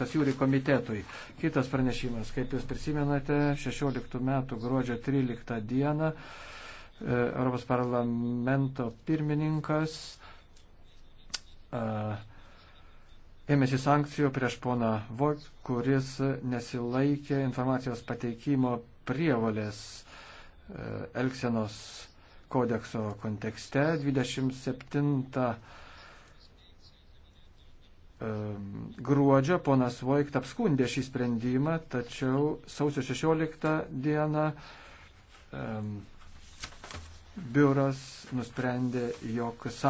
tas jūri komitetui. Kitas pranešimas, kaip jūs prisimenate, 16 metų gruodžio 13 dieną e, Europos parlamento pirmininkas e, ėmėsi sankcijų prieš poną Vok, kuris nesilaikė informacijos pateikimo prievalės e, Elksenos kodekso kontekste 27 gruodžio ponas Voigt apskundė šį sprendimą, tačiau sausio 16 dieną um, biuras nusprendė, jog sankcijos